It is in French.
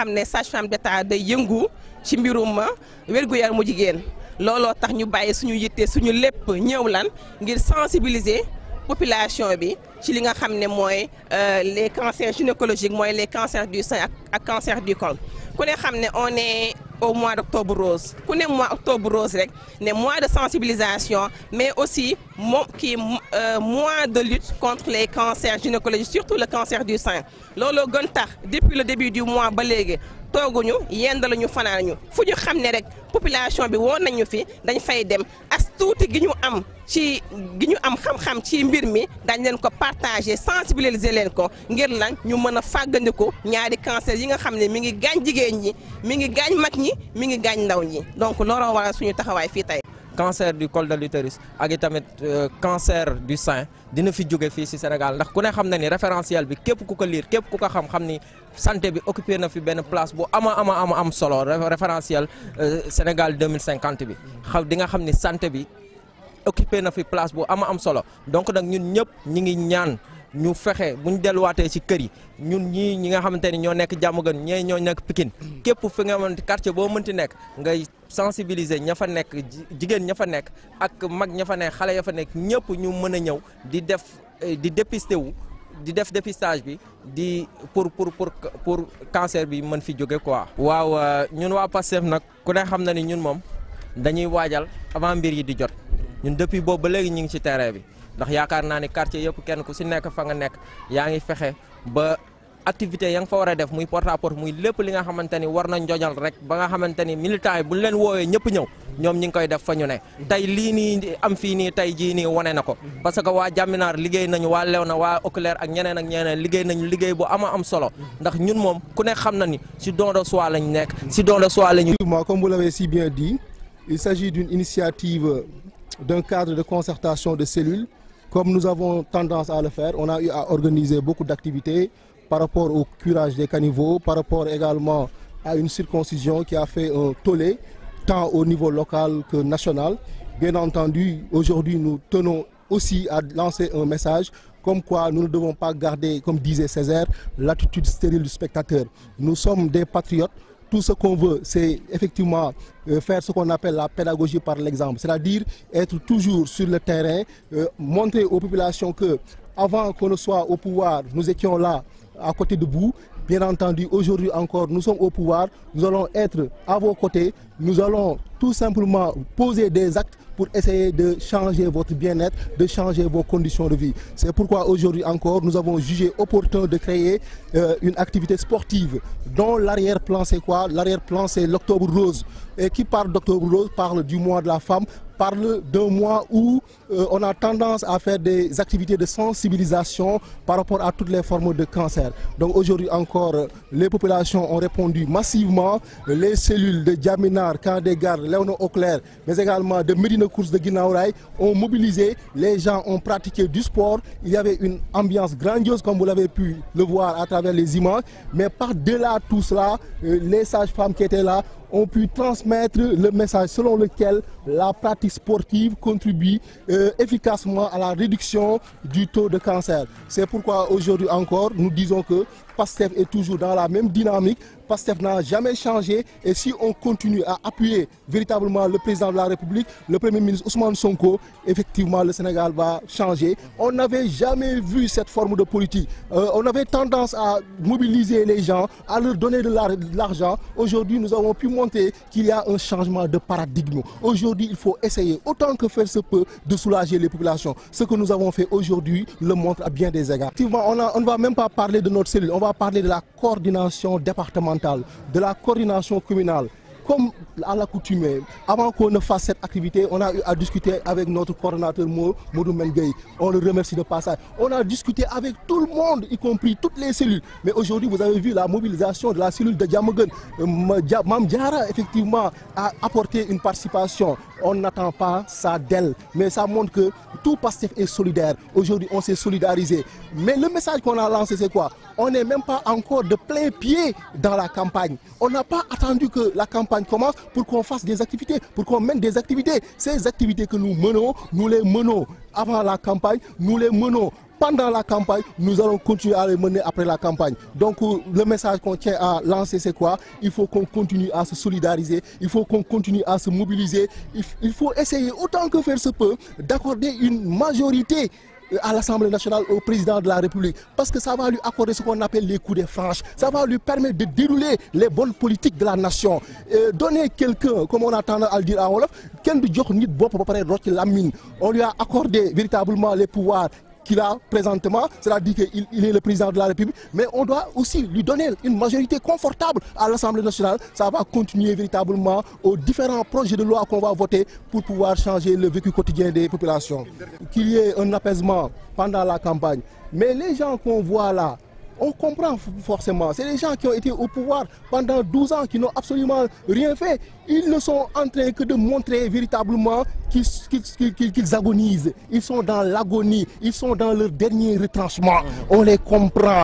xamné ne sage-femme d'État day yëngu ci mbirum wér yar mu jigen lolo tax ñu bayé suñu yitte suñu lepp ñëw lan ngir sensibiliser population bi ci li nga xamné moy euh, les cancers gynécologiques moy les cancers du sein ak cancer du col ku ne xam on est au mois d'octobre rose ku ne mois octobre rose rek le mois de sensibilisation mais aussi qui euh, mois de lutte contre les cancers gynécologiques surtout le cancer du sein Lolo gën depuis le début du mois ba léegi nous, yendaluñu nous fu nous Faut que la population bi wo nañu fi dañ fay dem tuuti gi ñu am ci gi ñu am xam-xam ci mbir mi dañ leen ko partager sensibiliser leen ko ngir lan ñu mën a fàggandiku ñaari cancer yi nga xam ne mi ngi gaañ jigéen ñi mi ngi gaañ mag ñi mi ngi gaañ ndaw ñi donc looloo waral suñu taxawaay fii tey. cancer du col de l'utérus ak euh, cancer du sein dina fi jóge fi ci Sénégal ndax ku ne xam na ni référentiel bi képp ku ko lire képp ku ko xam xam ni santé bi occupé na fi ben place bu ama ama ama am solo référentiel euh, Sénégal 2050 bi xaw di nga xam ni santé bi occupé na fi place bu ama am solo donc nak ñun ñëpp ñi ngi ñaan ñu fexe bu ñu delluwaatee ci kër yi ñun ñii ñi nga xamante ni ñoo nekk jàmm gën ñee ñoo nekk Pikine képp fi nga xamante quartier boo mënti nekk ngay sensibiliser ña fa nekk jigéen ña fa nekk ak mag ña fa nekk xale ya fa nekk ñëpp ñu mën a ñëw di def eh, di dépister wu di def dépistage bi di pour pour pour pour cancer bi mën fi jóge quoi. waaw euh, ñun waa Pastef nag ku ne xam na ni ñun moom dañuy waajal avant mbir yi di jot ñun depuis boobu ba léegi ñu ngi ci terrain bi. ndax yaakaar naa ni quartier yëpp kenn ku si nekk fa nga nekk yaa ngi fexe ba activité ya nga fa war a def muy porte à porte muy lépp li nga xamante ni war na njojal rek ba nga xamante ni militant yi bu ñu leen woowee ñëpp ñëw ñoom ñi ngi koy def fa ñu ne tey lii nii am fii nii tey jii nii wane na ko parce que waa jàmminaar liggéey nañu waa lew na waa oculaire ak ñeneen ak ñeneen liggéey nañu liggéey bu ama am solo ndax ñun moom ku ne xam na ni si don de soi lañ nekk si don de soi lañu comme vous l'avez si bien dit il s'agit d'une initiative euh, d'un cadre de concertation de cellules comme nous avons tendance à le faire, on a organisé beaucoup d'activités par rapport au curage des caniveaux, par rapport également à une circoncision qui a fait un tollé, tant au niveau local que national. Bien entendu, aujourd'hui, nous tenons aussi à lancer un message comme quoi nous ne devons pas garder, comme disait Césaire, l'attitude stérile du spectateur. Nous sommes des patriotes, tout ce qu'on veut, c'est effectivement euh, faire ce qu'on appelle la pédagogie par l'exemple, c'est-à-dire être toujours sur le terrain, euh, montrer aux populations que avant qu'on ne soit au pouvoir, nous étions là à côté de vous Bien entendu, aujourd'hui encore, nous sommes au pouvoir, nous allons être à vos côtés, nous allons tout simplement poser des actes pour essayer de changer votre bien-être, de changer vos conditions de vie. C'est pourquoi aujourd'hui encore, nous avons jugé opportun de créer euh, une activité sportive dont l'arrière-plan c'est quoi L'arrière-plan c'est l'Octobre Rose. Et qui parle d'Octobre Rose parle du mois de la femme, parle d'un mois où euh, on a tendance à faire des activités de sensibilisation par rapport à toutes les formes de cancer. Donc aujourd'hui encore, les populations ont répondu massivement. Les cellules de Diaminar, Candegar, Léon Auclair, mais également de Medina Course de Guinaouraï ont mobilisé. Les gens ont pratiqué du sport. Il y avait une ambiance grandiose comme vous l'avez pu le voir à travers les images. Mais par-delà tout cela, euh, les sages-femmes qui étaient là ont pu transmettre le message selon lequel la pratique sportive contribue euh, efficacement à la réduction du taux de cancer. C'est pourquoi aujourd'hui encore, nous disons que PASTEF est toujours dans la même dynamique. PASTEF n'a jamais changé. Et si on continue à appuyer véritablement le président de la République, le Premier ministre Ousmane Sonko, effectivement, le Sénégal va changer. On n'avait jamais vu cette forme de politique. Euh, on avait tendance à mobiliser les gens, à leur donner de l'argent. Aujourd'hui, nous avons pu montrer qu'il y a un changement de paradigme. Aujourd'hui, il faut essayer, autant que faire se peut, de soulager les populations. Ce que nous avons fait aujourd'hui le montre à bien des égards. Effectivement, on ne va même pas parler de notre cellule. On va va parler de la coordination départementale, de la coordination communale, à l'accoutumée, avant qu'on ne fasse cette activité, on a eu à discuter avec notre coordonnateur Modou Menguey. On le remercie de passage. On a discuté avec tout le monde, y compris toutes les cellules. Mais aujourd'hui, vous avez vu la mobilisation de la cellule de Djamogun. Euh, Mme Diara, effectivement, a apporté une participation. On n'attend pas ça d'elle. Mais ça montre que tout PASTEF est solidaire. Aujourd'hui, on s'est solidarisé. Mais le message qu'on a lancé, c'est quoi On n'est même pas encore de plein pied dans la campagne. On n'a pas attendu que la campagne commence pour qu'on fasse des activités, pour qu'on mène des activités. Ces activités que nous menons, nous les menons avant la campagne, nous les menons pendant la campagne, nous allons continuer à les mener après la campagne. Donc euh, le message qu'on tient à lancer, c'est quoi Il faut qu'on continue à se solidariser, il faut qu'on continue à se mobiliser, il faut essayer autant que faire se peut d'accorder une majorité à l'Assemblée nationale au président de la République. Parce que ça va lui accorder ce qu'on appelle les coups de franche. Ça va lui permettre de dérouler les bonnes politiques de la nation. Euh, donner quelqu'un, comme on a tendance à le dire à mine. on lui a accordé véritablement les pouvoirs qu'il a présentement, cela dit qu'il est le président de la République, mais on doit aussi lui donner une majorité confortable à l'Assemblée nationale. Ça va continuer véritablement aux différents projets de loi qu'on va voter pour pouvoir changer le vécu quotidien des populations. Qu'il y ait un apaisement pendant la campagne. Mais les gens qu'on voit là, on comprend forcément. C'est les gens qui ont été au pouvoir pendant 12 ans, qui n'ont absolument rien fait. Ils ne sont en train que de montrer véritablement qu'ils agonisent. Ils sont dans l'agonie, ils sont dans leur dernier retranchement. On les comprend.